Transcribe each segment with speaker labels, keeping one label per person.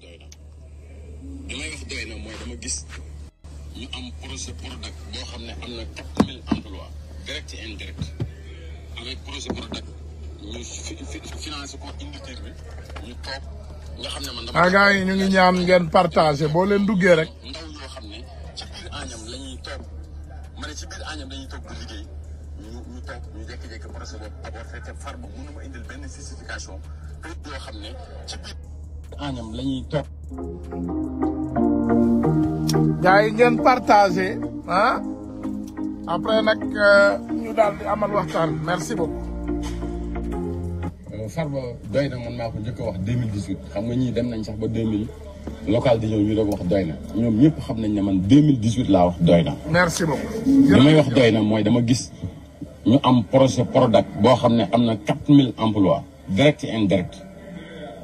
Speaker 1: damay na na mooy dama gis ñu am boo xam ne am na quatre mille emplois direct et indirect avec projet bi ñu toog xam ne man
Speaker 2: dama ah, gars yi ñu ngi ñaan ngeen partagé boo leen duggee rek
Speaker 1: ndaw yoo xam ne ci biir Agnam la ñuy toog ma ne ci ñu ñu toog ñu jékki-jékki projet te far ba mënu ma indil yoo
Speaker 3: xam ne ci biir
Speaker 2: Agnam la ñuy topp. gars yi ngeen partagé ah après nag euh, ñu daal di amal waxtaan merci beaucoup. Euh, Farba doy na man naa ko njëkk wax deux mille dix huit xam nga ñii dem
Speaker 1: nañ sax ba deux mille local di ñëw ñu doog wax doy na ñoom ñëpp xam nañ ne man deux mille dix huit laa wax doy na.
Speaker 2: merci beaucoup. li may wax doy na
Speaker 1: mooy dama gis ñu am projet Prodac boo xam ne am na quatre mille emplois direct et indirect.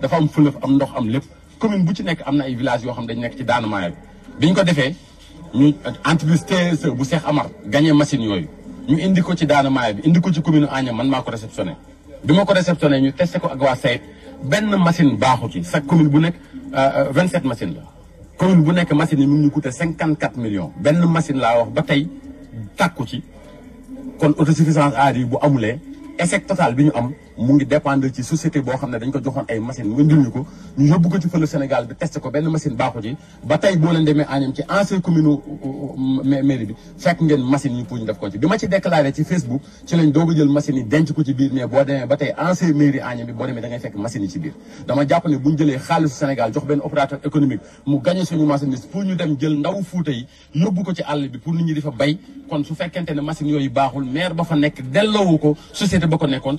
Speaker 1: dafa am fleuve am ndox am lépp commune bu ci nekk am na ay village yoo xam dañ nekk ci daanu maaya bi ñu ko defee ñu entreprise TSE bu Cheikh Amar gagné machine yooyu ñu indi ko ci daanu maaya bi indi ko ci commune Agnam man maa ko réceptionné bi ma ko réceptionné ñu testé ko ak waa sayt benn machine baaxu ci sa commune bu nekk 27 euh, machine la commune bu nekk machine yi mu ngi ñu cinquante 54 millions benn machine laa wax ba tey tàkku ci kon autosuffisance aar yi bu amulee échec bi ñu am mu ngi dépendre ci société boo xam ne dañ ko joxoon ay machine wëndil ñu ko ñu yóbbu ko ci fële Sénégal bi testé ko benn machine baaxu ci ba tey boo leen demee ci ancien commune mairie bi fekk ngeen machine ñu a jël machine yi denc ko ci biir mais boo demee ba tey ancien mairie Agnam bi boo demee da ngay fekk machine yi ci biir dem jël ndaw fuuta yi yóbbu ko ci àll bi pour nit ñi di fa bay kon su fekkente ne machine yooyu baaxul maire ba fa nekk delloowu ko société ba ko nekkoon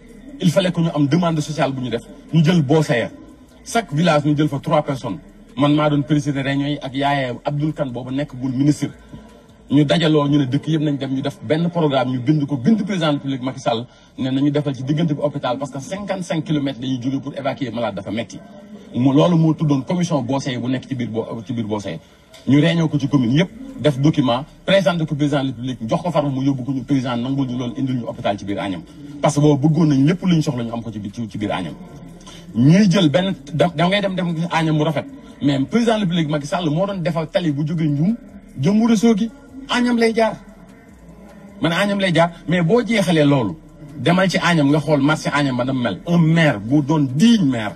Speaker 1: il fallait que ñu am demande sociale bu ñu def ñu jël booseya chaque village ñu jël fa trois personnes man maa doon présider réunion yi ak yaayam Abdoul Kane boobu nekk gul ministre ñu dajaloo ñu ne dëkk yëpp nañ dem ñu def benn programme ñu bind ko bind président public Macky Sall ne nañu defal ci diggante bi hôpital parce que cinquante cinq kilomètres dañuy jóge pour évacuer malade dafa metti mu loolu moo tuddoon commission boosey bu nekk ci biir bo ci biir boosey ñu réunion ko ci commune yëpp def document présent ko président de République jox ko Farba mu yóbbu ko ñu président nangul ñu loolu indil ñu hôpital ci biir Agnam parce que boobu bëggoon nañ lépp lu ñu soxla ñu am ko ci biir ci ñuy jël benn da ngay dem dem Agnam mu rafet mais président de la République Macky Sall moo doon defal tali bu jógee Ndioum jëm réseau gi añam lay jaar man añam lay jaar mais boo jeexalee loolu demal ci Agnam nga xool marché Agnam ba dam mel un maire bu doon digne maire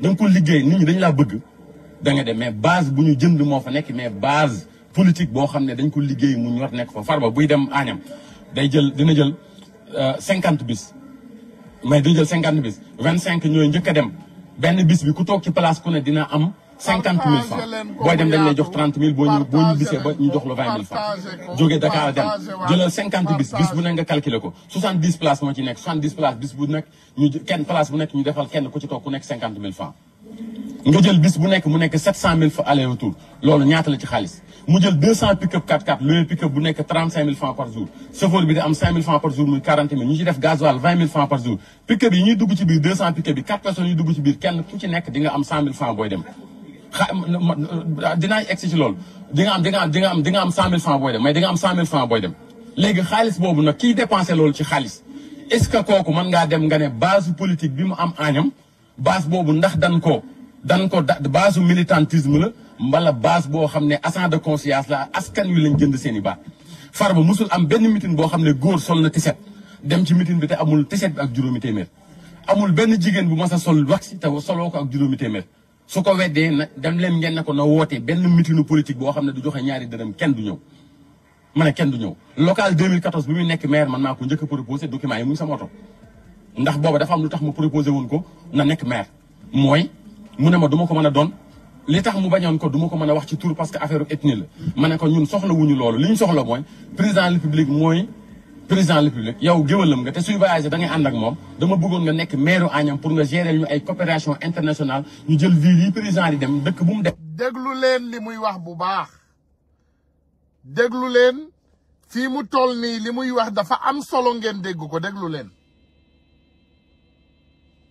Speaker 1: dañ ko liggéey nit ñi dañ laa bëgg da nga dem mais base bu ñu jënd moo fa nekk mais base politique boo xam ne dañ ko liggéey mu ñor nekk fa farba buy dem Agnam day jël dina jël euh, cinquante bis mais dañ jël cinquante bis vingt cinq ñooy njëkk a dem benn bis bi ku toog ci place ku ne dina am cinquante mille francs booy dem dañ lay jox trente mille boo ñu boo ñu bisee ba ñu jox la vingt mille francs jóge Dakar dem jëlal cinquante bis bis bu nekk nga calculer ko soixante dix places moo ci nekk soixante dix places bis bu nekk ñu kenn place bu nekk ñu defal kenn ku mille francs nga jël bis bu nekk mu nekk sept cent mille aller retour loolu ñaata la ci xaalis mu jël deux cent pick-up 4x4 pick-up bu nekk trente cinq mille francs par jour chauffeur xa dinaa egg si loolu di nga am di nga am di am di nga am cent mille franc booy dem mais di nga am cent mille franc booy dem. léegi xaalis boobu nag kiy dépensé loolu ci xaalis est-ce que kooku mën ngaa dem nga ne base politique bi mu am añam base boobu ndax dan ko dan ko da base militantisme la mbala base boo xam ne agent de conscience la askan wi lañ jënd seen i baat. Farba musul am benn mitin boo xam ne góor sol na tiset dem ci mitin bi te amul tiset bi ak juróomi téeméer amul benn jigéen bu mas a sol wax si te soloo ko ak juróomi téeméer. su ko weddee na dem leen ngeen ne ko na woote benn mitinu politique boo xam ne du joxe ñaari dërëm kenn du ñëw ma ne kenn du ñëw local 2014 bi muy nekk maire man maa ko njëkk proposé document yi muy sama oto ndax booba dafa am lu tax mu proposé woon ko na nekk maire mooy mu ne ma du ma ko mën a doon li tax mu bañoon ko du ma ko mën a wax ci tour parce que affaire ethnie la ma ne ko ñun soxla wuñu loolu li ñu soxla mooy président de la république mooy président de la République yow géwalam nga te suy voyagé da ngay ànd ak moom dama bëggoon nga nekk maire Agnam pour nga gérer ñu ay coopération internationale ñu jël ville yi président di dem dëkk bu mu dem. déglu leen li
Speaker 2: muy wax bu baax déglu leen fii mu toll nii wax dafa am solo ngeen dégg ko déglu leen.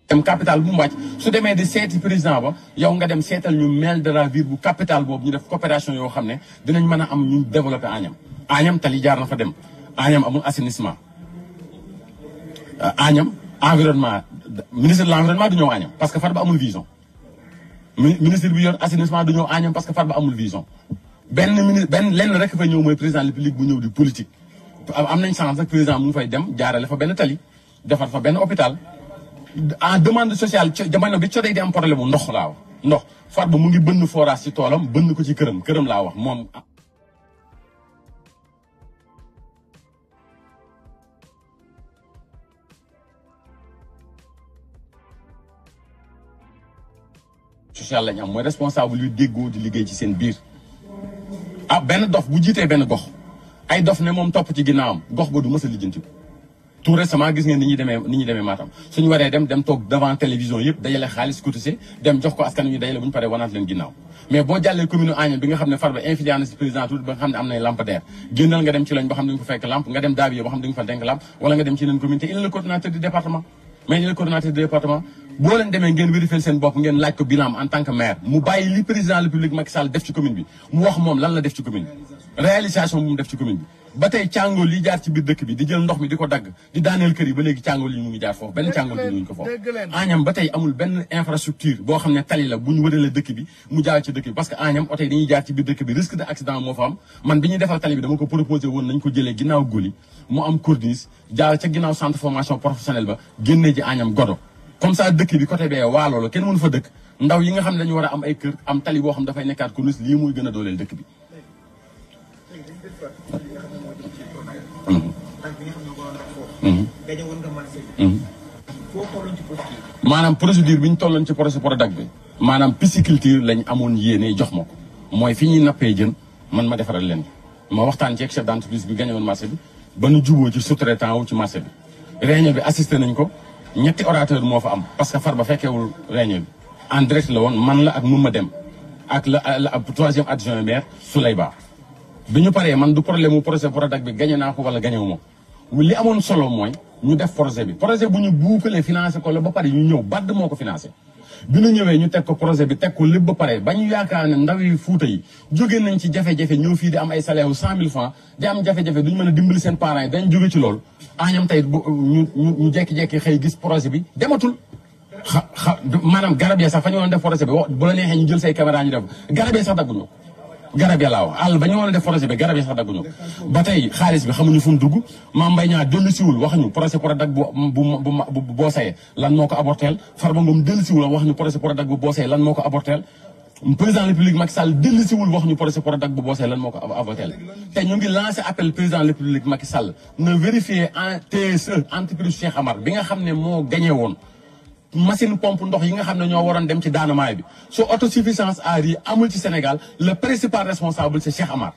Speaker 3: dem
Speaker 1: capital bu mu wàcc su demee di seeti président ba yow nga dem seetal ñu maire de la bu capital boobu ñu def coopération yoo xam ne dinañ mën a am ñu développé añam Agnam tali jaar na fa dem. Agnam amul assainissement euh, Agnam environnement ministre la l' environnement du ñëw Agnam parce que Farba amul vision ministre bi yor assainissement du ñëw Agnam parce que Farba amul vision benn ministre benn lenn rek fa ñëw mooy président de bu ñëw di politique. am nañ chance nag président mu ngi fay dem jaarale fa benn tali defar fa benn hôpital en demande sociale ca jamono bi codey di am problème mu ndox laa wax ndox Farba mu ngi bënn forage ci toolam bënn ko ci këram këram laa wax moom. sociale lañ am mooy responsable yu déggo di liggéey ci seen biir. ah ben dof bu jité ben gox ay dof né mom top ci ginnaawam gox ba du mësa a lijjanti ko tout récemment gis ngeen ni ñi démé ni ñi démé Matam suñu waré dem dem tok devant télévision yépp yëpp dajale xaalis cotisé dem jox ko askan wi dajale la buñu paré wanaat leen ginnaaw. mais bo jallé commune Agnam bi nga xamné Farba infilié ci président tout ba nga xam ne am nay lampadaire génnal nga dem ci lañ ba xamné ne ko fekk lamp nga dem Daabie ba xamné ne fa denk lamp wala nga dem ci yeneen commune il le coordinateur du département mais il le coordinateur du département. boo leen demee ngeen vérifier seen bopp ngeen laaj ko bilan en tant que maire mu bàyyi li président de la République Macky def ci commune bi mu wax moom lan la def ci commune bi réalisation bu mu def ci commune bi ba tey càngool yi jaar ci biir dëkk bi di jël ndox mi di ko dagg di daaneel kër yi ba léegi càngool yi mu ngi jaar foofu benn càngool yi ñu ko
Speaker 2: foofu
Speaker 1: benn infrastructure ne tali la bu ñu wëralee dëkk bi mu jaar ci dëkk bi parce que Agnam oto yi dañuy jaar ci biir dëkk bi risque de accident moo fa am comme ça dëkk bi côté bee waalo la kenn mënu fa dëkk ndaw yi nga xam ne dañu war a am ay kër am tali boo xam dafay nekkaat kurus lii muy gën a dooleel dëkk bi. Mm-hmm. maanaam procédure bi ñu tolloon ci projet Prodac bi maanaam pisciculture lañ amoon yéene jox ma ko mooy fi ñuy nappee jën man ma defaral leen ma waxtaan ci ak chef d'entreprise bi gañewoon marché bi ba nu juboo ci sous-traitant wu ci marché bi réunion bi assisté nañ ko. ñetti orateur moo fa am parce que Farba fekkeewul réunion bi en direct la woon man la ak mun ma dem ak la la troisième adjoint su lay baax bi ñu paree man du problème mu projet Prodac bi gañe naa ko wala gañe wu ma li amoon solo mooy ñu def projet bi projet bu ñu buukalee financé ko la ba pare ñu ñëw BAD moo ko financé bi nu ñëwee ñu teg ko projet bi teg ko lépp ba pare ba ñu yaakaar ne ndaw yi fuuta yi jóge nañ ci jafe-jafe ñëw fii di am ay salaire yu cent mille francs di am jafe-jafe duñu mën a dimbali seen parents yi dañ jóge ci loolu añam ah tey bu ñu ñu jekki-jekki xëy gis projet bi dematul xa xa maanaam garab ya sax fa ñu woon def projet bi bu la neexee ñu jël say caméra ñu def garab ya sax dagguñu garab ya laaw àll ba ñu war a def projet bi garab ya sax dagguñu ba tey xaalis bi xamuñu fu mu dugg Mame Mbaye Niang dellu siwul wax ñu projet Prodac bu bu boo saye lan moo ko aborteel Farba Ngom dellu siwul wax ñu projet bu boo saye lan moo ko aborteel président de la République Macky Sall dellu siwul bu boo saye lan moo ko aborteel te ñu ngi lancé appel président de la République Macky Sall na vérifier e, bi nga xam ne moo gagné woon machine pompe ndox yi nga xam ne ñoo waroon dem ci daanamaay bi su autosuffisance à riz amul ci Sénégal le principal responsable c'est Cheikh Amar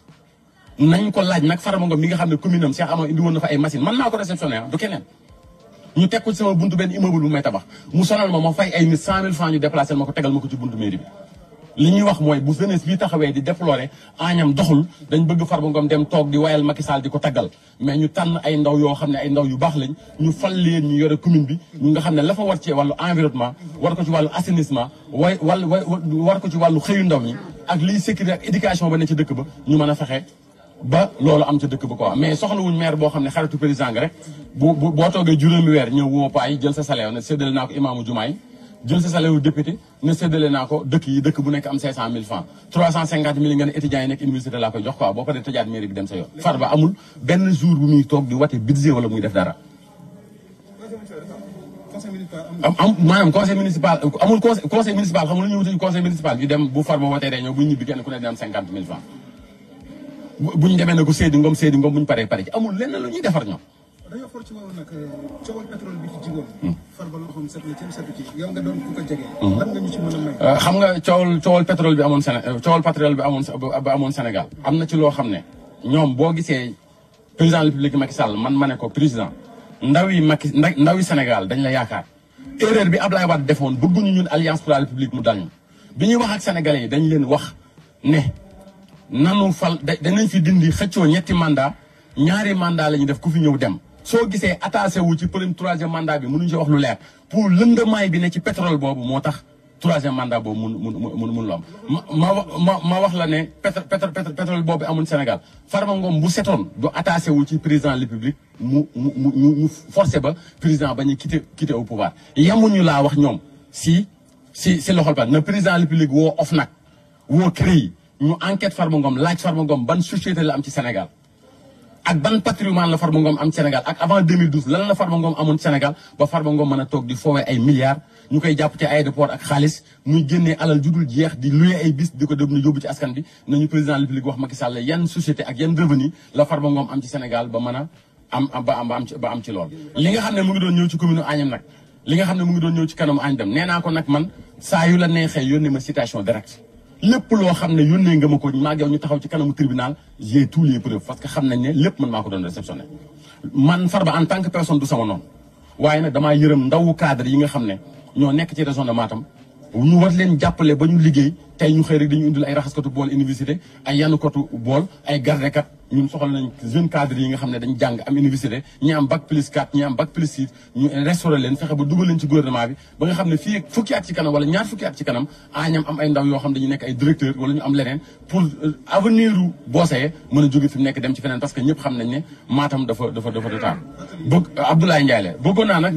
Speaker 1: nañ ko laaj nag Farba Ngom nga xam ne commune am Cheikh indi woon na ay machine man naa ko réceptionné ah du keneen ñu teg ko sama buntu benn immeuble bu may tabax mu sonal ma ma fay ay nit cent mille francs ñu déplacé ma ko tegal ma ko ci buntu mairie bi li ñuy wax mooy bu jeunesse bi taxawee di déplorer añam doxul dañ bëgg Farba ngoom dem toog di wayal Macky Sall di ko taggal mais ñu tànn ay ndaw yoo xam ne ay ndaw yu baax lañ ñu fal leen ñu yore commune bi ñu nga xam ne la fa war ci wàllu environnement war ko ci wàllu assainissement way wàll war ko ci wàllu xëyu ndaw ñi ak liy sécurité ak ba ne ci dëkk ba ñu mën a fexe ba loolu am ca dëkk ba quoi mais soxlawuñ maire boo xam ne xaritu président nga rek bu boo toogee juróomi weer ñëw woo paay jël sa salaire ne séddale naa ko jël sa salaire wu député ne séddale naa ko dëkk yi dëkk bu nekk am 500000 francs 350000 nga ne étudiants yi nekk université laa koy jox quoi boo ko dee tëjaat benn jour bu toog di wate budget wala muy def dara. am am maanaam conseil municipal amul conseil conseil municipal xam bu Farba bu ñu ñibbi kenn ku ne dina am 50000 francs. bu ñu demee ne ko Seydou Ngom Seydou Ngom bu ñu paree pare ci amul lenn lu ñuy defar ñoom. dañoo for eh, hmm. hmm. eh, xam nga coowal coowal pétrole bi amoon Séné eh, coowal pétrole bi amoon ba amoon Sénégal am na ci loo xam ne ñoom boo gisee président de la République Macky Sall man ma ne ko président ndaw yi Macky ndaw yi Sénégal dañ la yaakaar erreur bi Ablaye Wade defoon bëgguñu ñun alliance pour la république mu dal ñu bi ñuy wax ak senegal yi dañ leen wax ne nanu fal danañ fi dindi xëccoo ñetti mandat ñaari mandat lañu def ku fi ñëw dem. soo gisee attaché wu ci premier troisième mandat bi mënuñu ci wax lu leer pour lëndamaay bi ne ci pétrole boobu moo tax troisième mandat boobu mun mun mun lom ma ma ma wax la ne pétrole pétrole boobu amul Sénégal Farba Ngom bu setoon du attaché ci président république mu mu mu ba président ba ñu quitté quitté au pouvoir yemuñu laa wax ñoom si si si loxol ba na président république woo nag woo CREI ñu enquête Farba Ngom laaj Farba Ngom ban société la am ci Sénégal ak ban patrimoine la Farba Ngom am Sénégal ak avant 2012 lan la Farba Ngom amoon Sénégal ba Farba mën a toog di foowee ay milliards ñu koy jàpp ci aéroport ak xaalis muy génnee alal ju dul jeex di luye ay bis di ko dem ñu yóbbu ci askan bi nañu président de la République wax Macky Sall yan société ak yan revenu la Farba Ngom am ci Sénégal ba mën a am ba am ba am ci lool li nga xam ne mu ngi doon ñëw ci commune Agnam nag li nga xam ne mu ngi doon ñëw ci kanamu Agnam nee naa ko nag man saa yu la neexee yónnee ma citation directe lépp loo xam ne yónnee nga ma ko maa ngi ñu taxaw ci kanamu tribunal j'ai tous les preuves parce que xam ne lépp man maa ko doon réceptionné man Farba en tant que personne du sama noonu waaye nag damaa yërëm ndawu cadre yi nga xam ne ñoo nekk ci région de Matam nu war leen jàppale ba ñu liggéey tey ñu xëy rek dañu indil ay raxaskatu bool université ay yanukatu bool ay gardekat ñu soxal nañ jeune cadre yi nga xam ne dañ jàng am université ñi am bac plus 4 ñi am bac plus 6 ñu restauré ba dugal leen ci gouvernement bi ba nga xam ne fii fukki at ci kanam wala ñaar fukki at ci kanam añam ah, am ay ndaw yoo xam dañu nekk ay directeur wala ñu am leneen pour euh, avenir u mën a jóge fi mu nekk dem ci feneen parce que ñëpp xam nañ ne Matam dafa dafa dafa dataar bëgg Abdoulaye Ndiaye la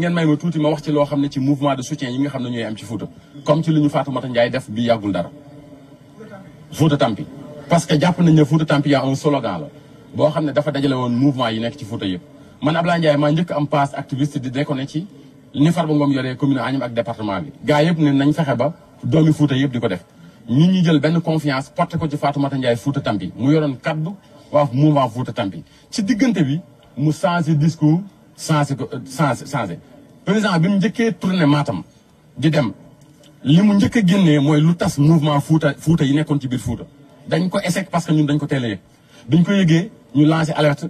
Speaker 1: ne ci mouvement de soutien comme ci li ñu Fatoumata Ndiaye def bi yàggul dara Fouta Tampi parce que jàpp nañ ne Fouta Tampi yaa un slogan la boo xam ne dafa dajale woon mouvement yi nekk ci Fouta yëpp man Ablaye Ndiaye maa njëkk am passe activiste di déconné ci ni Farba Ngom yoree commune Agnam ak département bi gaa yëpp ne nañ fexe ba doomi Fouta yëpp di ko def ñun ñu jël benn confiance porté ko ci Fatoumata Ndiaye Fouta Tampi mu yoroon kaddu waaw mouvement Fouta Tampi ci diggante bi mu changé discours changé ko euh, changé changé président bi mu njëkkee tourné Matam di dem li mu njëkk a génnee mooy lu tas mouvement Fouta Fouta yi nekkoon ci biir Fouta dañ ko échec parce que ñun dañ ko teel a yëg dañ ko yëgee ñu lancé alerte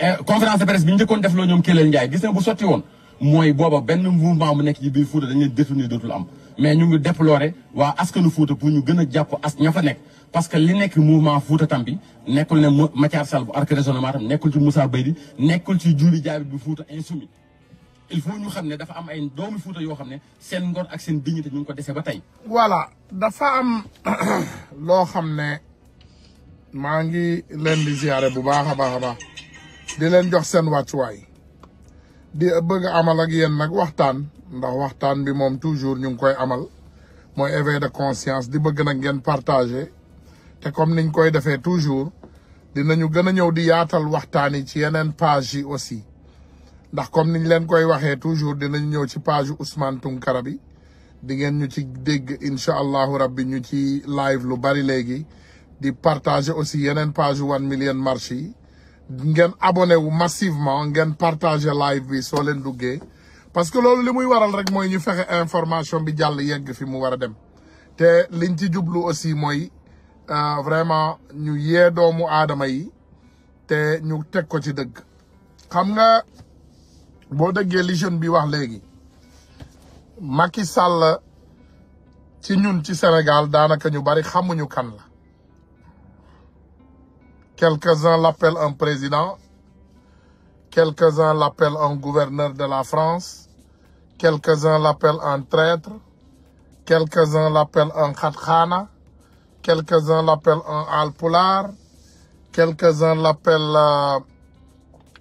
Speaker 1: eh, conférence de presse bi njëkkoon def loo ñoom Kelel Ndiaye gis na bu sotti woon mooy booba benn mouvement bu nekk ci biir Fouta dañuy détourné dootul am mais ñu ngi déploré waa askanu Fouta pour ñu gën a jàpp as ña fa nekk parce que li nekk mouvement Fouta Tampi nekkul ne Mathiar Sall bu arc raisonnement tam nekkul ci Moussa Baydi nekkul ci Diouli Diaby bu Fouta Insoumis il faut ñu xamné dafa am ay doomu fuuta yo xamné ne seen ngor
Speaker 2: ak seen dignité ñu ko déssé ba tay voilà dafa am lo xamné ma ngi leen di ziaré bu baaxa baaxa ba di leen jox seen way di bëgg amal ak yeen nak waxtaan ndax waxtaan bi mom toujours ñu koy amal moy éveil de conscience di bëgg nak ngeen partager té comme niñ koy défé toujours dinañu gën ñëw di yaatal waxtaan ci yenen page yi aussi. ndax comme niñ leen koy waxee toujours dinañ ñëw ci page Ousmane Tounkara bi di ngeen ñu ci dégg incha allahu rabbi ñu ci live lu bari léegi di partager aussi yeneen page one million marché yi ngeen abonné wu massivement ngeen partager live bi soo leen duggee parce que loolu li muy waral rek mooy ñu fexe information bi jàll yegg fi mu war a dem te liñ ci jublu aussi mooy euh, vraiment ñu yee doomu aadama yi te ñu teg ko ci dëgg xam nga quelques-uns l'appellent un président quelques-uns l'appellent un gouverneur de la France quelques-uns l'appellent un traître quelques-uns l'appellent un khatkhana quelques-uns l'appellent un poulard. quelques-uns l'appellent euh,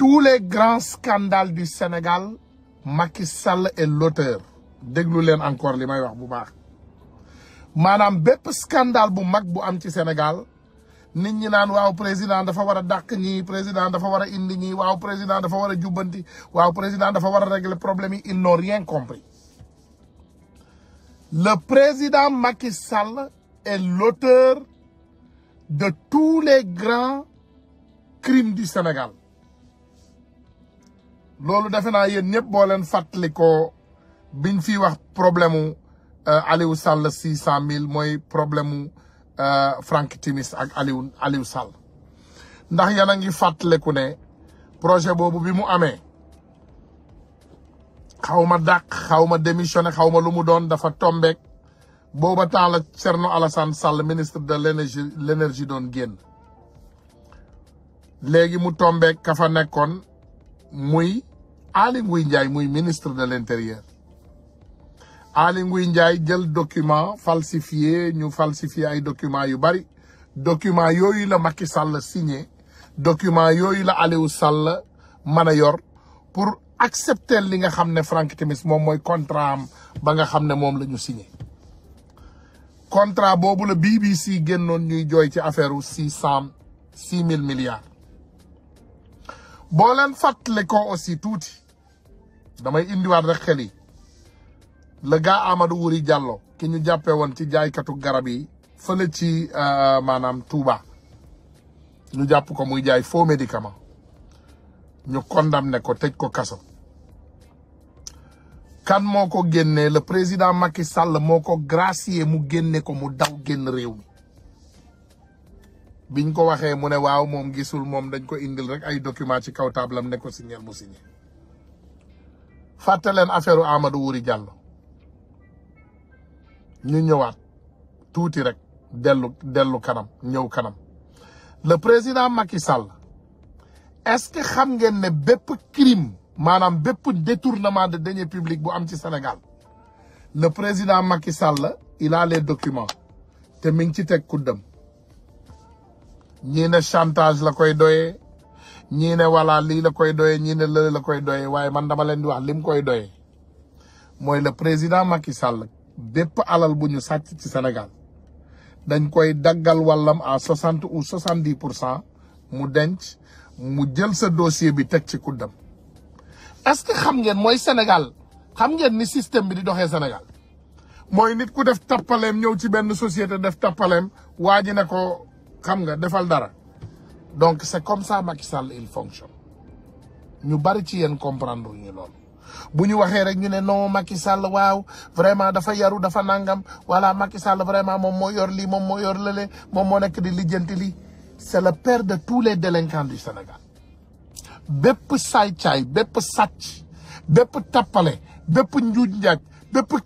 Speaker 2: tous les grands scandales du Sénégal Macky Sall est l'auteur déglu encore les wax bu baax scandale bu mag bu am Sénégal nit ñi naan président dafa wara dak président dafa wara indi ñi président dafa wara jubanti président dafa wara régler problème ils n'ont rien compris le président Macky Sall est l'auteur de tous les grands crimes du Sénégal loolu defe naa yéen ñëpp boo leen fàttalikoo biñ fi wax problème mu euh, Aliou Sall six cent mille mooy problème mu euh, Frank Timis ak Aliou Aliou Sall ndax yéen a ngi fàttaliku ne projet boobu bi mu amee xaw ma dàq xaw ma démissionné xaw ma lu mu doon dafa tombeek booba temps la Thierno Alassane Sall ministre de l'énergie l'énergie doon génn léegi mu tombeek ka fa nekkoon muy Aly Ngouille Ndiaye ministre de l'intérieur Aly Ngouille Ndiaye jël document falsifié ñu falsifié ay document yu bari document yoyu la Macky Sall signé document yoyu la Aliou Sall mën yor pour accepter li nga xamné Franck Timis mom moy contrat am ba nga xamné mom lañu signé contrat bobu le BBC génnoon ñuy joy ci affaire u six cent six mille milliards boo leen ko aussi touti damay indiwaat rek xel yi le gars Amadou Wuri Diallo ki ñu jàppee woon ci jaaykatu garab yi fële ci euh, maanaam Touba ñu jàpp ko muy jaay faux médicament ñu condamné ko teg ko kaso. kan moo ko génnee la président Macky Sall moo ko gracier mu génne ko mu daw génn réew mi biñ ko waxee mu ne waaw moom gisul moom dañ ko indil rek ay document ci kaw table am ne ko signer mu signer fatale leen affaire Amadou Wuri Diallo ñu ñëwaat touti rek delu delu kanam ñëw kanam le président Macky Sall est-ce que xam ngeen ne bép crime manam bép détournement de deniers publics bu am ci Sénégal le président Macky Sall il a les documents té mi ngi ci teg kuddam ñii ne chantage la koy doyee ñii ne voilà lii la koy doyee ñii ne lële la koy doyee waaye man dama leen di wax lim koy doyee mooy le président Macky Sall bépp alal bu ñu sàcc ci Sénégal dañ koy daggal wallam en soixante ou soixante di pour cent mu denc mu jël sa dossier bi teg ci kuddam est-ce que xam ngeen mooy Sénégal xam ngeen ni système bi di doxee Sénégal mooy nit ku def tappaleem ñëw ci benn société def tappaleem waa ji ne ko xam nga defal dara donc c'est comme ça Macky Sall il fonctionne ñu bari ci yeen comprendre ñu lool bu ñu waxee rek ñu né non Macky Sall waaw vraiment dafa yaru dafa nangam voilà Macky Sall vraiment mom mo yor li mom mo yor lele mom mo nek di lijjanti li c'est le père de tous les délinquants du Sénégal bép say chay bép satch bép tapalé bép njuuj njaaj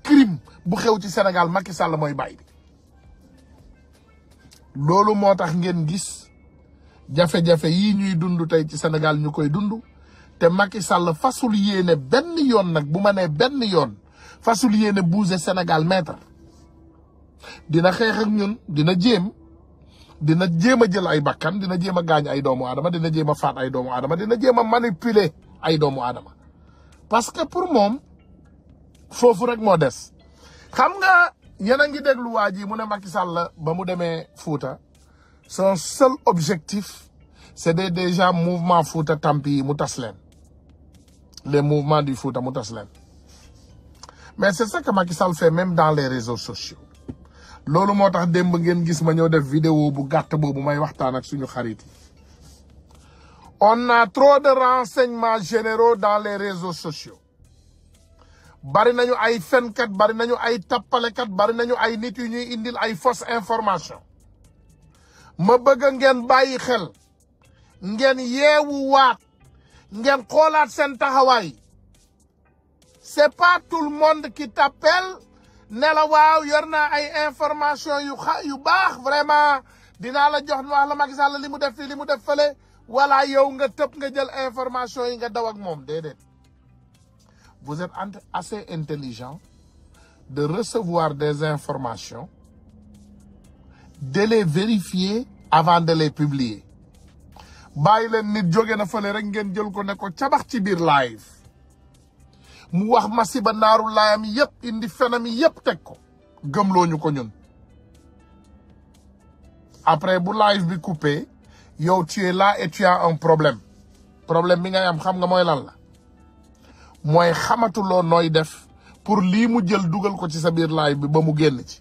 Speaker 2: crime bu xew ci Sénégal Macky Sall moy bay lolu motax ngeen gis jafe-jafe yi ñuy dund tay ci Sénégal ñukoy koy dund te Macky Sall fasul yéné ben yoon nak buma né ben yoon fasul yéné bouger Sénégal maître dina xex ak ñun dina jëm dina jëma a jël ay bakkan dina jëma a ay doomu adama dina jëma a faat ay doomu adama dina jëma a manipuler ay doomu adama parce que pour mom fofu rek mo dess xam nga yéen ngi déglu waji mu ne Macky Sall ba mu démé fouta son seul objectif c'est de déjà mouvement Fouta Tampi mutaslen Le mouvement du Fouta à mais c'est ça que Macky Sall fait même dans les réseaux sociaux loolu moo tax ngeen gis ma def vidéo bu gàtt boobu may waxtaan ak suñu xarit on a trop de renseignements généraux dans les réseaux sociaux bari nañu ay fenkat bari nañu ay tappalekat bari nañu indil ay fausses informations ma bëgg ngeen bàyyi xel ngeen yeewu waat ngeen xoolaat seen taxawaay c'est pas tout le monde qui t'appelle ne la waaw yor naa ay information yu xa yu baax vraiment dinaa la jox wax la Macky Sall li mu def fii li mu def fële wala yow nga tëb nga jël information yi nga daw ak moom déedéet vous êtes assez intelligent de recevoir des informations de les vérifier avant de les publier Bay leen nit jogé na fële rek ngeen jël ko ne ko cabax ci biir live mu wax masiba naaru layam yépp indi fenam yépp teg ko loñu ko ñun après bu live bi coupé yow tu es là et tu as un problème problème bi ngay am xam nga moy lan la def pour li mu jël dugal ko ci sa live bi ba mu génn ci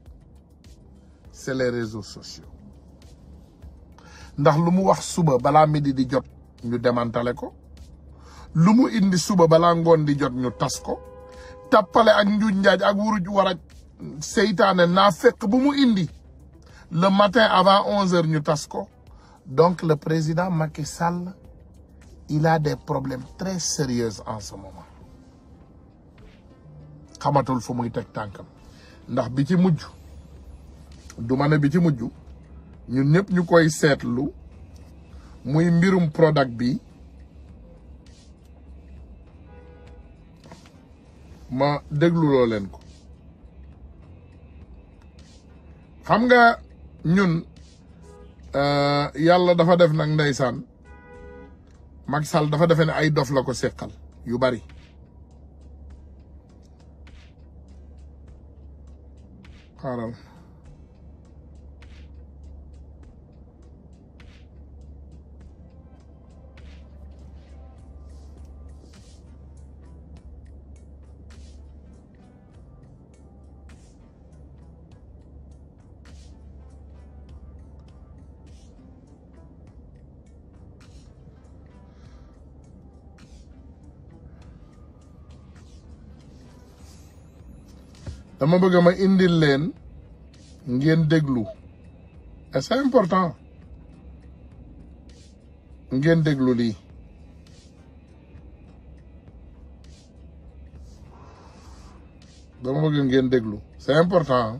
Speaker 2: c'est les réseaux sociaux ndax lu mu wax suba bala midi di jot ñu démantale ko lu mu indi suba bala ngoon di jot ñu tas ko Tapalé ak ñu njaaj ak wuru ju waraj seytaane na fekk bu mu indi le matin avant 11h ñu tas ko donc le président Macky Sall il a des problèmes très sérieux en ce moment xamatul fu muy tek tankam. ndax bi ci mujju du ma ne bi ci mujj ñun ñëpp ñu koy seetlu muy mbirum Prodac bi ma dégluloo leen ko xam nga ñun euh, yàlla dafa def nag ndeysaan Macky Sall dafa defe ne ay dof la ko seqal yu bari dama bëgg ma indil leen ngeen déglu et c'est important ngeen déglu lii dama bëgg ngeen déglu c'est important hein?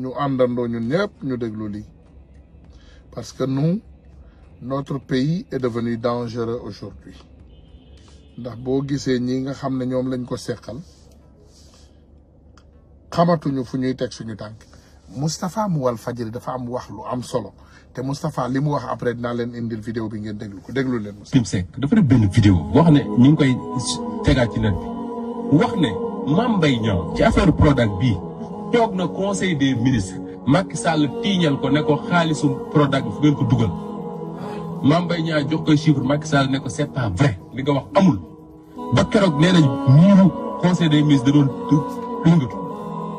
Speaker 2: ñu àndandoo ñun ñëpp ñu déglu lii parce que nous notre pays est devenu dangereux aujourd'hui ndax boo gisee ñi nga xam ne ñoom lañ ko seqal xamatuñu fu ñuy teg suñu tànk Moustapha mu wal fajiri dafa am wax lu am solo te Moustapha li mu wax après dinaa leen indil vidéo bi ngeen déglu ko déglu leen.
Speaker 4: Kim Seck dafa def benn vidéo boo xam ne ñu ngi koy tegaat ci net bi wax ne Mame Mbaye Niang ci affaire Prodac bi toog na conseil des ministres Macky Sall tiiñal ko ne ko xaalisu Prodac bi fu ngeen ko dugal Mame Mbaye Niang jox koy chiffre Macky Sall ne ko c'est pas vrai li nga wax amul ba keroog nee nañ miiru conseil da doon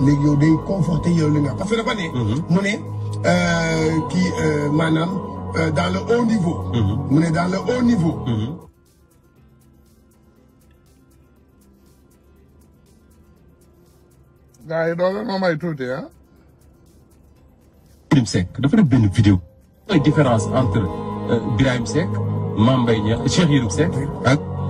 Speaker 2: les yow day conforter parce que dafa mhm. euh, euh, euh, dans le haut niveau. moné mhm. dans le haut niveau. il mhm. yi doole ma may ah. vidéo. différence entre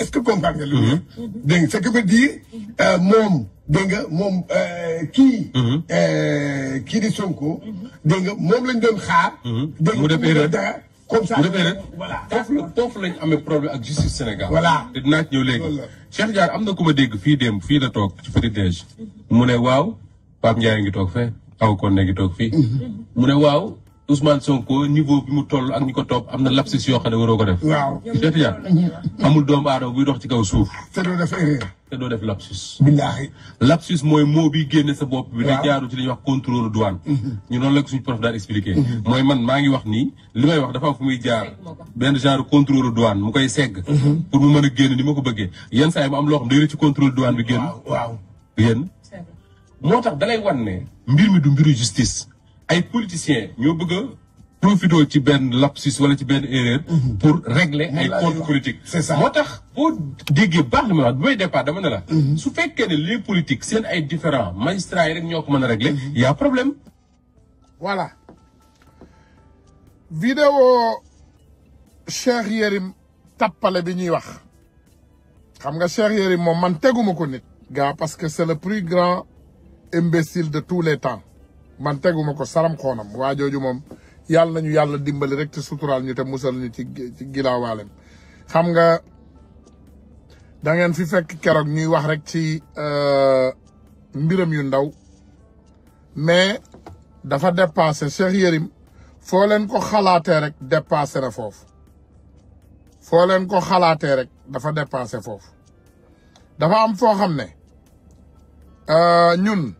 Speaker 2: est-ce que comprendre nga mhm. loolu. dégg nga ce que veut euh, moom dégg euh, kii. Mhm. Euh, kii di Sonko. dégg moom lañ doon xaar. Mhm. mu def erreur dara
Speaker 1: comme ça. mu def erreur
Speaker 4: voilà foofu la foofu lañ amee problème ak justice Sénégal. voilà te dinaa ñëw léegi. Cheikh Diar am na ku ma dégg fii démb fii la toog ci mu ne waaw Pape Ndiaye ngi toog fee kon Kone ngi toog fii. mu ne waaw. Ousmane Sonko niveau bi mu toll ak ñi ko topp am na lapsus yoo xam ne waroo ko def. waaw yaa amul doomu aadama buy dox ci kaw suuf. te doo def lapsus. billaahi lapsus mooy moo bi génne sa bopp bi. waaw te ci li wax contrôle douane. Mhm. ñu noonu la ko suñu prof daal expliqué. Mhm. mooy man maa ngi wax nii li may wax dafa am fu muy jaar benn genre contrôle douane mu koy segg. Mhm. pour mu mën a génn ni ma ko bëggee yenn saa yi mu am loo xam day rëcc ci contrôle douane bi génn. waaw waaw génn. moo tax dalay wan ne mbir mi du Les politiciens nous lapsus mhm. pour régler les comptes politiques. c'est ça Motax mhm. les politiques sont ay différents magistrats il rek
Speaker 2: a mhm. y a problème. voilà. vidéo cher Yérim tapalé bi ñuy wax xam nga Yérim man parce que c'est le plus grand imbécile de tous les temps. man teguma ko saram xoonam waa jooju moom yàlla nañu yàlla dimbali rek te suturaal ñu te musal ñu ci ci gilaawaaleem xam nga da ngeen fi fekk keroog ñuy wax rek ci euh, mbiram yu ndaw mais dafa dépassé Cheikh Yérim foo leen ko xalaatee rek dépassé na foofu foo leen ko xalaatee rek dafa dépassé foofu dafa am foo xam ne euh, ñun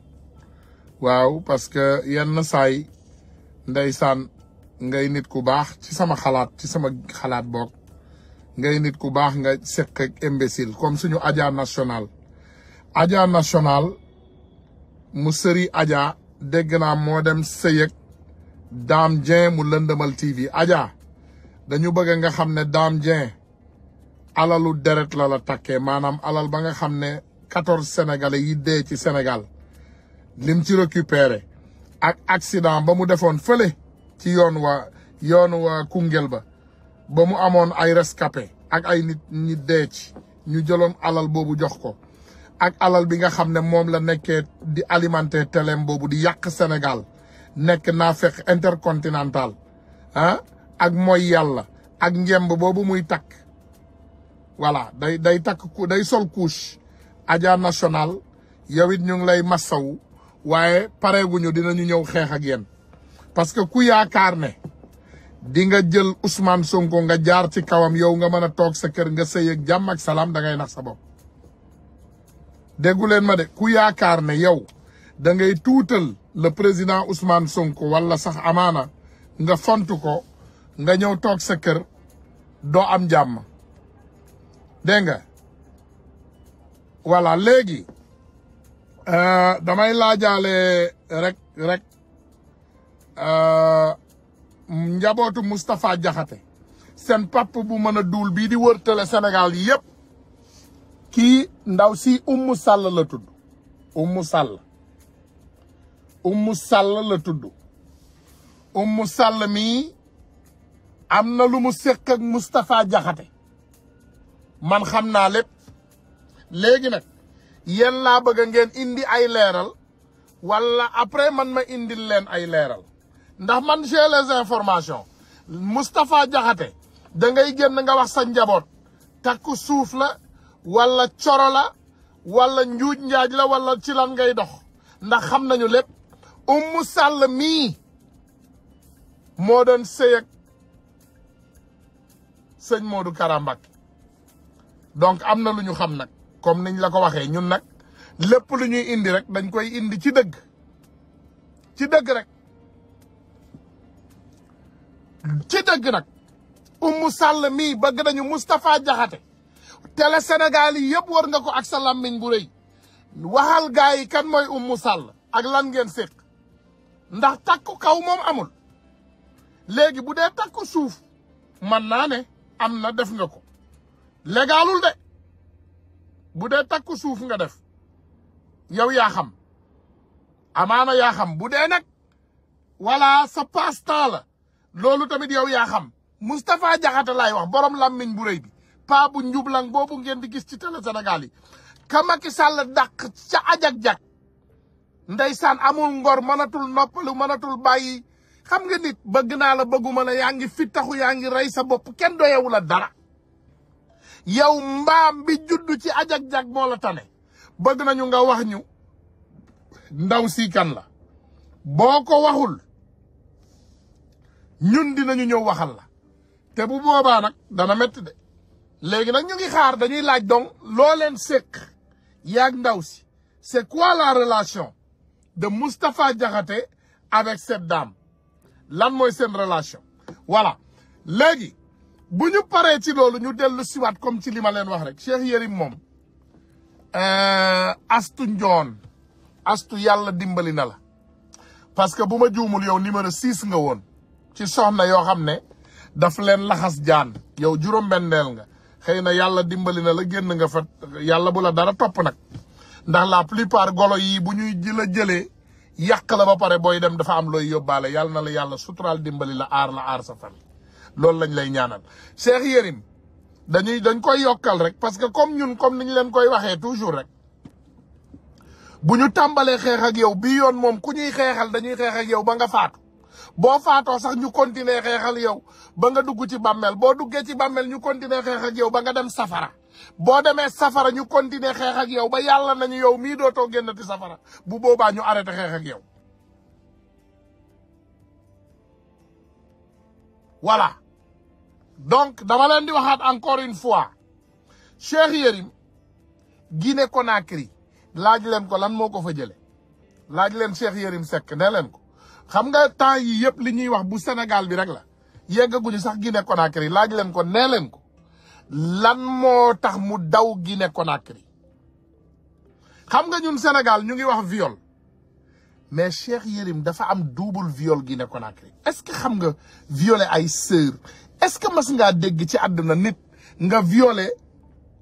Speaker 2: waaw parce que yenn saay ndeysaan ngay nit ku baax ci sama xalaat ci sama xalaat bokk ngay nit ku baax nga sekk ak imbécile comme suñu Adja national Adja national mu sëri Adja dégg naa moo dem jin mu lëndëmal TV Adja dañu bëgg nga xam ne Dame jin alalu deret la la takkee maanaam alal ba nga xam ne 14 sénégalais yi dee ci Sénégal lim ci récupéré ak accident ba mu defone feulé ci yoon wa yoon wa kungel ba ba mu amone ay rescapé ak ay nit ñi dé ci ñu jëlone alal bobu jox ko ak alal bi nga xamné mom la nekké di alimenter télém bobu di yak Sénégal nekk naa intercontinental ah ak moy yalla ak ngemb bobu muy tak voilà day day tak day sol couche Adja national yawit lay waaye pareeguñu dinañu ñëw xeex ak yéen parce que ku yaakaar ne di nga jël Ousmane Sonko nga jaar ci kawam yow nga mën a toog sa kër nga sëy ak ak salaam da ngay nax sa bopp déggu leen ma de ku yaakaar ne yow da ngay tuutal le président Ousmane Sonko wala sax amaana nga font ko nga ñëw toog sa kër doo am jàmm dégg nga voilà léegi Eh, damay laajaale rek rek eh, njabootu Moustapha Diakhaté seen papp bu mën a duul bii di wër télé Sénégal yëpp kii ndaw si Oumou Sall la tudd Oumou Sall Oumou Sall la tudd Oumou Sall mii am na lu mu séq ak Moustapha man xam naa lépp léegi nag Yen laa bëgg ngeen indi ay léral wala après man ma indi leen ay léral ndax man j'ai les informations Moustapha Diakhaté da ngay génn nga wax sa njabot takku suuf la wala cioro la wala njuj njaaj la wala ci lan ngay dox ndax xam nañu lepp Oumou Sall mi mo doon sey ak Modou karambak donc amna luñu xam nak comme niñ la ko waxee ñun nag lépp lu ñuy indi rek dañ koy indi ci dëgg ci dëgg rek ci dëgg nag Oumou Sall mii bëgg nañu Moustapha Diakhaté télé Sénégal yi yëpp war nga ko ak sa làmmiñ bu rëy waxal gaa yi kan mooy Oumou Sall ak lan ngeen séq ndax takku kaw moom amul léegi bu dee takku suuf man naa ne am na def nga ko légalul de bu takku suuf nga def yow ya xam amana ya xam bu nak wala sa passe-temps la lolou tamit yow ya xam Moustapha jaxata lay wax borom lamine bu reuy bi pa bu njublang bobu ngeen di gis ci télé Sénégal yi ka Macky Sall dak ci ajak-jak ndaysan amul ngor manatul noppalu manatul bayyi xam nga nit bëgg na la bëgguma la yaangi fi taxu sa bop ken dara yow mbaam bi juddu ci ajag-jag moo la tane bëgg nañu nga wax ñu ndaw si kan la boo ko waxul ñun dinañu ñëw waxal la te bu boobaa nag dana métti de léegi nag ñu ngi xaar dañuy laaj donc looleen leen séq ndaw si c'est quoi la relation de Moustapha jaxate avec seddaam lan mooy seen relation voilà léegi buñu paré ci lolu ñu ci wat comme ci lima leen wax rek Cheikh Yérim euh astu njoon astu yalla dimbali na la parce que buma joomul yow numéro 6 nga won ci soxna yo xamné daf leen laxas jaan yow juróom bendel nga xeyna yalla dimbali na la genn nga fa yalla bula dara top nak ndax la plupart golo yi buñuy jila yak la ba pare boy dem dafa am loy yobale yalla na la yalla sutural dimbali la ar la ar sa famille loolu lañ lay ñaanal seex Yérim dañuy dañ koy yokkal rek parce que comme ñun comme niñ leen koy waxee toujours rek bu ñu tàmbalee xeex ak yow bii yoon moom ku ñuy xeexal dañuy xeex ak yow ba nga faatu boo faatoo sax ñu continuer xeexal yow ba nga dugg ci bàmmeel boo duggee ci bàmmeel ñu continuer xeex ak yow ba nga dem safara boo demee safara ñu continuer xeex ak yow ba yàlla nañu yow mii dootoo génnati safara bu boobaa ñu arrêté xeex ak yow donc je vais vous dire encore une fois Cher Yérim Guinée Conakry laaj ko lan fa dit, que Cheikh Yérim Vous ne temps yi Sénégal bi rek Guinée Conakry ko Vous dit Sénégal viol mais Cheikh Yérim dafa am double viol Guinée Conakry est-ce que vous nga violer ay est-ce que je suis dégg ci àdduna nit nga violé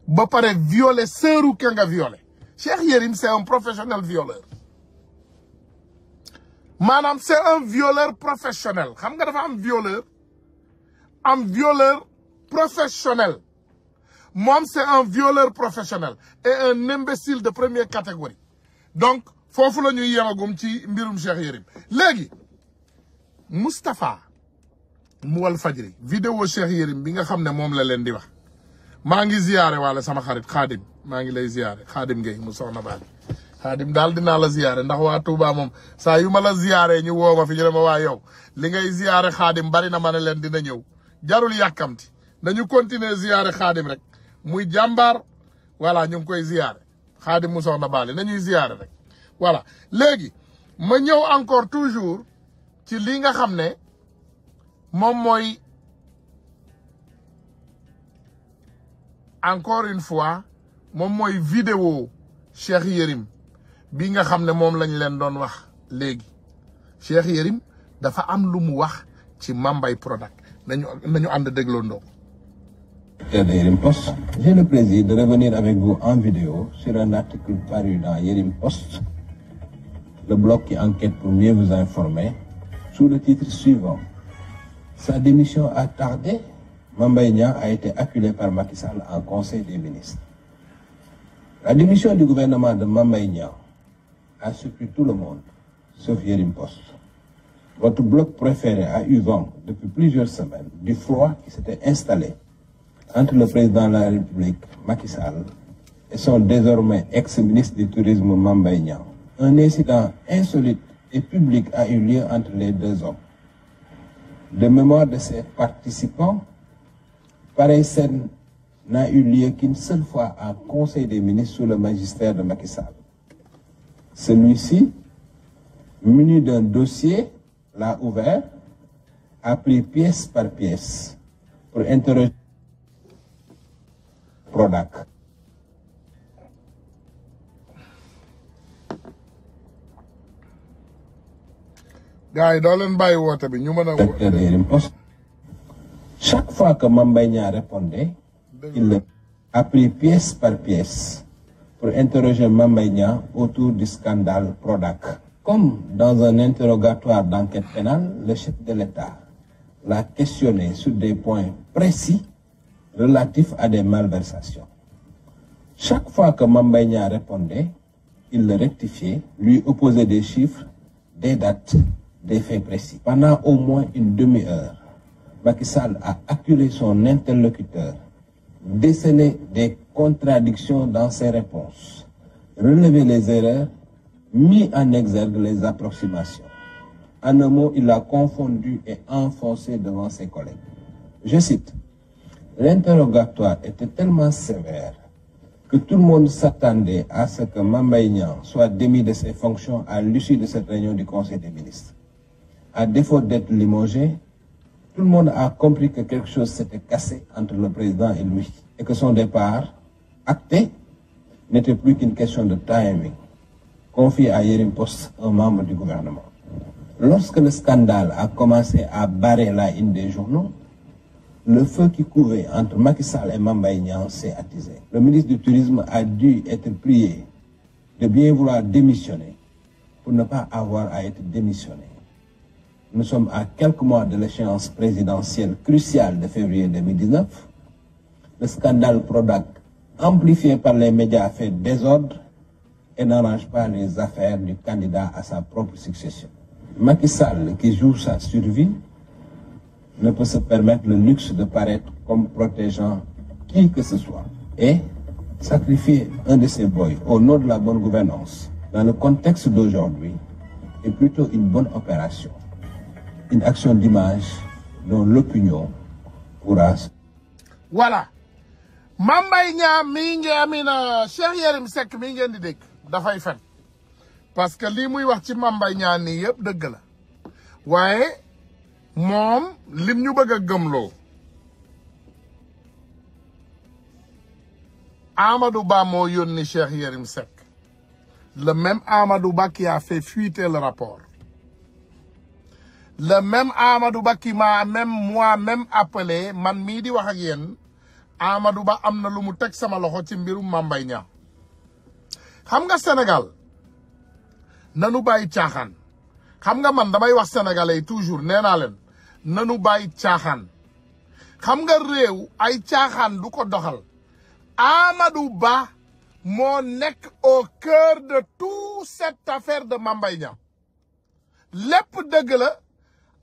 Speaker 2: ba pare violé sëru que nga violé Cheikh Yérim c'est un professionnel violeur Madame, c'est un violeur professionnel xam nga dafa am violeur am violeur professionnel mom c'est un violeur professionnel et un imbécile de première catégorie donc que nous ñuy ci mbirum Cheikh Yérim légui Moustapha mu wal fajri vidéo Cheikh Yérim bi nga xam ne moom la leen di wax maa ngi ziyaare wala sama xarit xaadim maa ngi lay ziyaare xaadim ngay mu soxna baal xaadim daal dinaa la ziyaare ndax waa Touba moom saa yu ma la ziyaare ñu woo fi ñu ne ma waa yow li ngay ziyaare xaadim bari na ma ne leen dina ñëw jarul yàkkamti nañu continuer ziyaare xaadim rek muy jàmbaar voilà ñu ngi koy ziyaare xaadim mu soxna baal nañuy ziyaare rek voilà léegi ma ñëw encore toujours ci li nga xam ne moom encore une fois mon vidéo cher Yérim bi nga xam ne moom lañ leen doon wax léegi Cheikh Yérim dafa am lu mu wax ci Mambay Product. nañu Ande de dégloondoo
Speaker 3: Yérim Post j'ai le plaisir de revenir avec vous en vidéo sur un article paru dans Yérim Post le bloc qui enquête pour mieux vous informer sous le titre suivant sa démission a tardé. Mambaïnia a été acculé par Macky Sall en Conseil des ministres. La démission du gouvernement de Mambaïnia a surpris tout le monde, sauf Yérim Post. Votre bloc préféré a eu vent depuis plusieurs semaines du froid qui s'était installé entre le président de la République, Macky Sall, et son désormais ex-ministre du Tourisme, Mambaïnia. Un incident insolite et public a eu lieu entre les deux hommes de mémoire de ses participants, pareille scène n'a eu lieu qu'une seule fois en Conseil des ministres sous le magistère de Macky Sall. Celui-ci, muni d'un dossier, l'a ouvert, a pris pièce par pièce pour interroger Prodac. chaque fois que Mame répondait il a pris pièce par pièce pour interroger Mame autour du scandale Prodac. Comme dans un interrogatoire d'enquête pénale, le chef de l'État l'a questionné sur des points précis relatifs à des malversations. Chaque fois que Mame répondait, il le rectifiait, lui opposait des chiffres, des dates des précis. Pendant au moins une demi-heure, Macky Sall a acculé son interlocuteur, décelé des contradictions dans ses réponses, relevé les erreurs, mis en exergue les approximations. En un mot, il a confondu et enfoncé devant ses collègues. Je cite, L'interrogatoire était tellement sévère que tout le monde s'attendait à ce que Mambaïnian soit démis de ses fonctions à l'issue de cette réunion du Conseil des ministres à défaut d'être limogé, tout le monde a compris que quelque chose s'était cassé entre le président et lui et que son départ acté n'était plus qu'une question de timing, confié à Yérim Post, un membre du gouvernement. Lorsque le scandale a commencé à barrer la ligne des journaux, le feu qui couvait entre Macky Sall et Niang s'est attisé. Le ministre du Tourisme a dû être prié de bien vouloir démissionner pour ne pas avoir à être démissionné nous sommes à quelques mois de l'échéance présidentielle cruciale de février 2019. Le scandale Prodac, amplifié par les médias, fait désordre et n'arrange pas les affaires du candidat à sa propre succession. Macky Sall, qui joue sa survie, ne peut se permettre le luxe de paraître comme protégeant qui que ce soit et sacrifier un de ses boys au nom de la bonne gouvernance dans le contexte d'aujourd'hui est plutôt une bonne opération une action d'image dans l'opinion pourra.
Speaker 2: voilà mambay Mbaye Niang mii ngeen mi na Cheikh Yérim Seck mii ngeen di parce que ce muy wax ci à Mbaye Niang nii yëpp dëgg la waaye mom, lim ñu bëgg a Amadou Ba moo Cheikh le même Amadou Ba qui a fait fuiter le rapport le même Amadou Ba qui m'a même moi même appelé man mi di wax ak yéen Amadou Ba am lu mu tek sama loxo ci mbirum mambay nya xam nga senegal nanu bay tiaxan xam nga man damay wax senegalais toujours nee len nanu bay tiaxan xam nga rew ay tiaxan du ko doxal Amadou Ba mo nek au cœur de tout cette affaire de mambay nya lepp deug la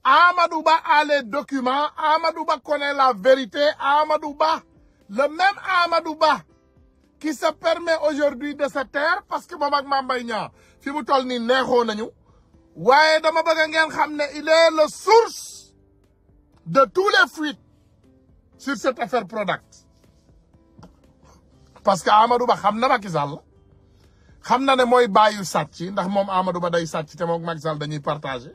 Speaker 2: Amadouba a les documents, Amadouba connaît la vérité, Amadouba, le même Amadouba qui se permet aujourd'hui de se taire parce que Mamak Mambaynia, fi mu tol ni ouais, dans waye dama bëgg ngeen xamné il est la source de tous les fuites sur cette affaire product, Parce que Amadouba xamna Macky Sall, xamna né moy bayu satchi, ndax mom Amadouba day satchi, té mon Macky Sall dañuy partager.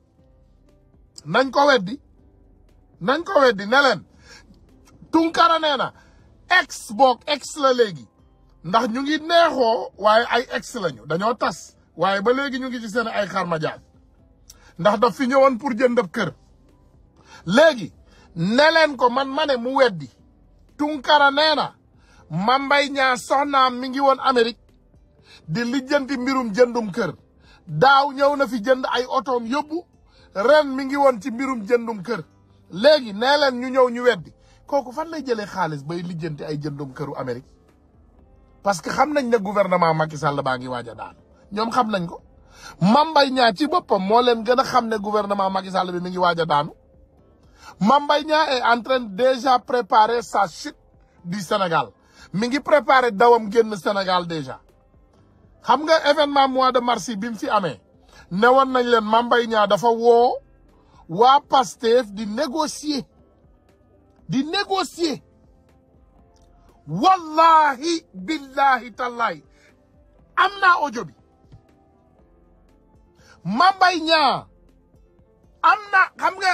Speaker 2: nañ ko weddi nañ ko weddi ne leen tunkara nee na ex boog la léegi ndax ñu ngi neexoo waaye ay ex lañu dañoo tas waaye ba léegi ñu ngi ci seen ay xarma ndax daf fi ñëwoon pour jëndab kër léegi ne ko man mane ne mu weddi tunkara nee na Mame Mbaye Niang soxnaam mi ngi woon Amérique di lijjanti mbirum jëndum kër daaw ñëw na fi jënd ay otoom yóbbu ren mi ngi won ci mbirum jëndum kër légui né leen ñu ñëw ñu wéddi koku fan lay jëlé xaaliss bay lijeenti ay jëndum këru Amérique parce que xam nañ né gouvernement Macky Sall ba ngi waja daan ñom xam nañ ko mambay ñaa ci bopam mo leen gëna xam né gouvernement Macky Sall bi mi ngi waja daan mambay est en train déjà préparer sa chute du Sénégal mi ngi préparer dawam génn Sénégal déjà xam nga événement mois de mars bi fi amé ne wan nañ leen Mame Mbaye Niang dafa woo waa Pastef di négocier di négocier wallahi billahi tallahi am naa audio bi Mame Mbaye Niang am na xam nga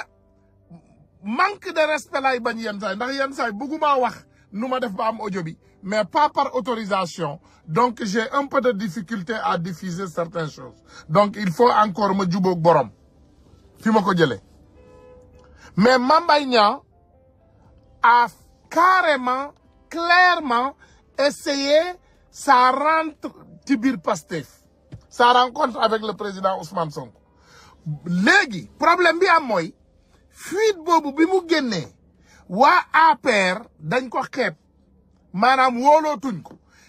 Speaker 2: manque de respect lay bañ yenn saay ndax yenn saay bëgguma wax nu ma def ba am audio bi mais pas par autorisation donc j'ai un peu de difficulté à diffuser certaines choses donc il faut encore me dire borom fi ko mais Mame a carrément clairement essayé sa rentre Tibir Pastef sa rencontre avec le président Ousmane Sonko Légui, problème bien am fuite bobu bi mu génnee waa APR dañ ko Madame wolo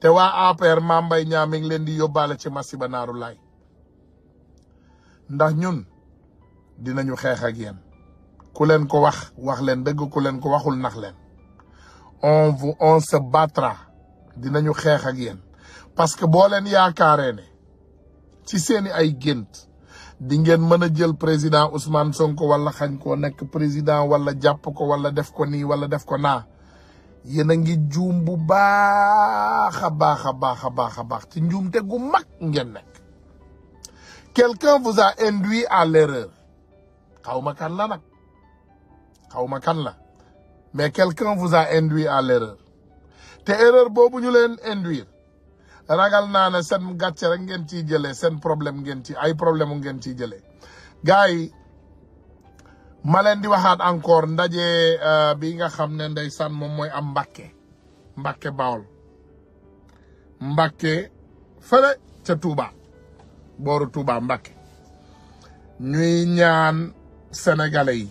Speaker 2: te wa APR er Mame Mbaye Niang ngi leen di yóbbaale ci masiba naru lay ndax ñun dinañu xex ak yeen ku len ko wax wax len deug ku len ko waxul nax len on vous on se battra dinañu xex ak yeen parce que bo len yaakaré né ci seeni ay gënt di ngeen mëna jël président Ousmane Sonko wala xagn ko nek président wala japp ko wala def ko ni wala def ko na yéen a ngi juum bu baax a baax a baax a baax a baax ci njuumte gu mag ngeen nekk quelqu'un vous a induit à l'erreur xaw ma kan la nag xaw ma kan la mais quelqu'un vous a induit à l'erreur te erreur boobu ñu leen induire ragal naa ne seen gàcce rek ngeen ciy jëlee seen problème ngeen ci ay problème ngeen ciy jëlee gars yi malen di waxat encore ndaje euh, bi nga xamne ndaysan mom moy am mbacke mbacke Bawol mbacke fele ca Touba boru Touba mbacke ñuy ñaan sénégalais yi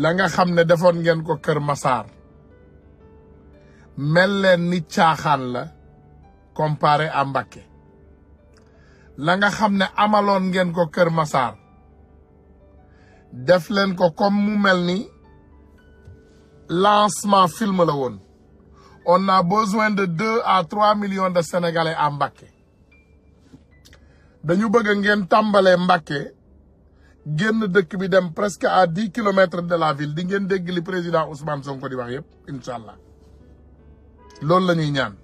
Speaker 2: la nga xamne defon ngeen ko Kër Massar mel ni tiaxan la comparé à mbacke la nga xamne amalon ngeen ko Kër Massar def ko comme mu melni lancement film la won on a besoin de deux à trois millions de sénégalais à Mbacké dañu bëgg ngeen tambalé Mbacké genn dëkk bi dem presque à dix kilomètres de la ville di ngeen dégg li président Ousmane Sonko di wax yépp inshallah lool loolu la ñuy ñaan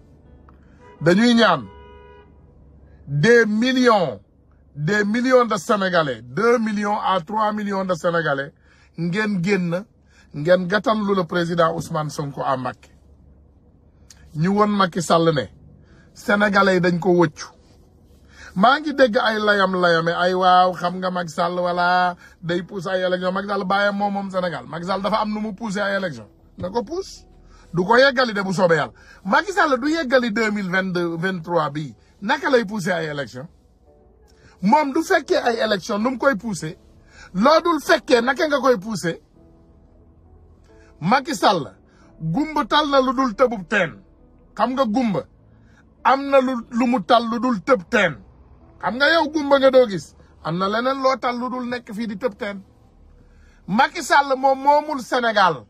Speaker 2: dañuy ñaan des millions des millions de sénégalais 2 millions à 3 millions de sénégalais ngeen génn ngeen gàttanlu le président Ousmane Sonko à Macky ñu won Macky Sall ne sénégalais yi dañ ko wëccu maa ngi dégg ay layam-layame ay waaw xam nga Macky Sall wala day pousse ay élection Macky Sall baye mom mom Sénégal Macky Sall dafa am numu mu pousse ay élection Nako pousse du ko yeggali de bu sobe yalla Macky Sall du yeggali 2022 23 bi deux naka lay pousse ay élection moom du fekkee ay élection nu mu koy poussé loo dul fekkee naka nga koy poussé Macky Sall gumba tal na lu dul tëbub teen xam nga gumba am na lu mu tal dul tëb teen xam nga yow gumba nga doo gis am na leneen loo tal dul nekk fii di tëb teen Macky Sall moom moomul Sénégal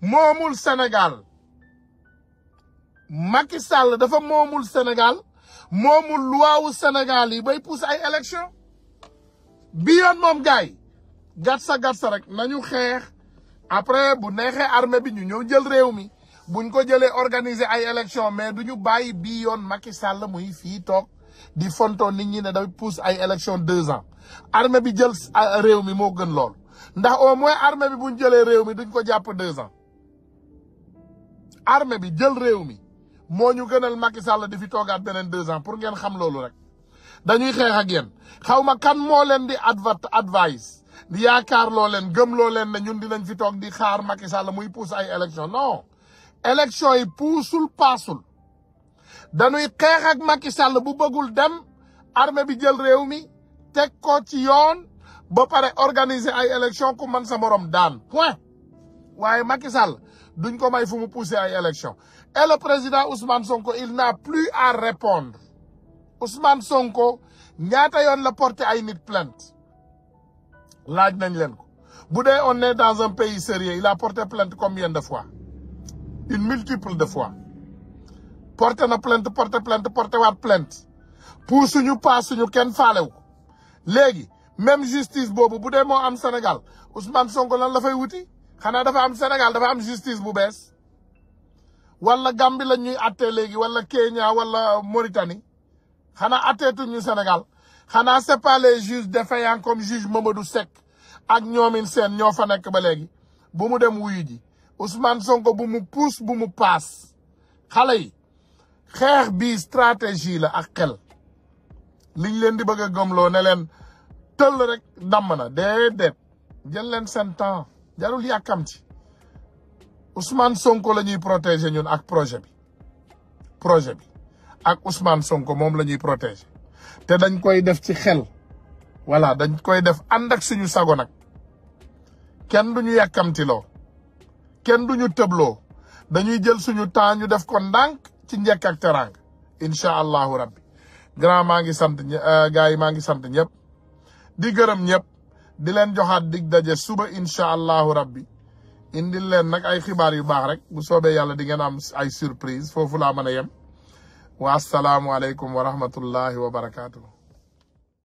Speaker 2: moomul Sénégal Macky dafa moomul senegal moomu loi wu Sénégal yi bay pousse ay élection bi yoon moom gars yi sa gàtt sa rek nañu xeex après bu neexee armée bi ñu ñëw jël réew mi buñ ko jëlee organiser ay élection mais du ñu bàyyi bii yoon Macky Sall muy fii toog di fonton nit ñi ne day pousse ay élection deux ans armée bi jël ah, réew mi moo gën lool ndax au moins armée bi buñ jëlee réew mi duñ ko jàpp deux ans armée bi jël réew mi moo ñu gënal Macky Sall di fi toogaat beneen deux ans pour ngeen xam loolu rek dañuy xeex ak yéen xaw ma kan moo leen di advert advice di yaakaar loo leen gëm loo leen ne ñun dinañ fi toog di xaar Macky Sall muy pousse ay élection non élection yi puusul paasul dañuy xeex ak Macky Sall bu bëggul dem armée bi jël réew mi teg ko ci yoon ba pare organiser ay élection ku man sa morom daan point waaye Macky Sall duñ ko may fu mu pousser ay élection Et le président Ousmane Sonko, il n'a plus à répondre. Ousmane Sonko, il yon la porté ay nit plainte. L'aide nañ leen ko. on est dans un pays sérieux, il a porté plainte combien de fois? Une multiple de fois. Porter une plainte, porter plainte, porter une plainte. Pour suñu pas suñu n'y faalew ko. Légui, même justice si on moi Sénégal Ousmane Sonko fait la fay Quand a dafa am Sénégal dafa am justice bu justice. wala Gambie la ñuy attee léegi wala Kenya wala Mauritanie xanaa atteetu ñu Sénégal xanaa c'est pas les juges défaillants comme juge Mamadou sek ak ñoomin seen ñoo fa nekk ba léegi bu mu dem wuyu ji Ousmane Sonko bu mu puus bu mu paas xale yi xeex bi stratégie la ak xel liñ leen di bëgg a gëmloo ne leen tëll rek damm na déedéet jël leen seen temps jarul yàkkamti Ousmane Sonko la ñuy protéger ñun ak projet bi projet bi ak Ousmane Sonko mom la ñuy protéger té dañ koy def ci xel wala dañ koy def andak suñu sago nak kèn duñu yakamti lo kèn duñu teblo dañuy jël suñu temps ñu def ko ndank ci ñek ak terang inshallah rabbi grand ma ngi sant euh, gars yi maa ngi sant ñep di gëreem ñep di len joxat dig daje suba inshallah rabbi indil leen nag ay xibaar yu baax rek bu soobee yàlla di ngeen am ay surprise foofu laa mën a yem wa asalaamualeykum wa rahmatullahi wa barakaatu.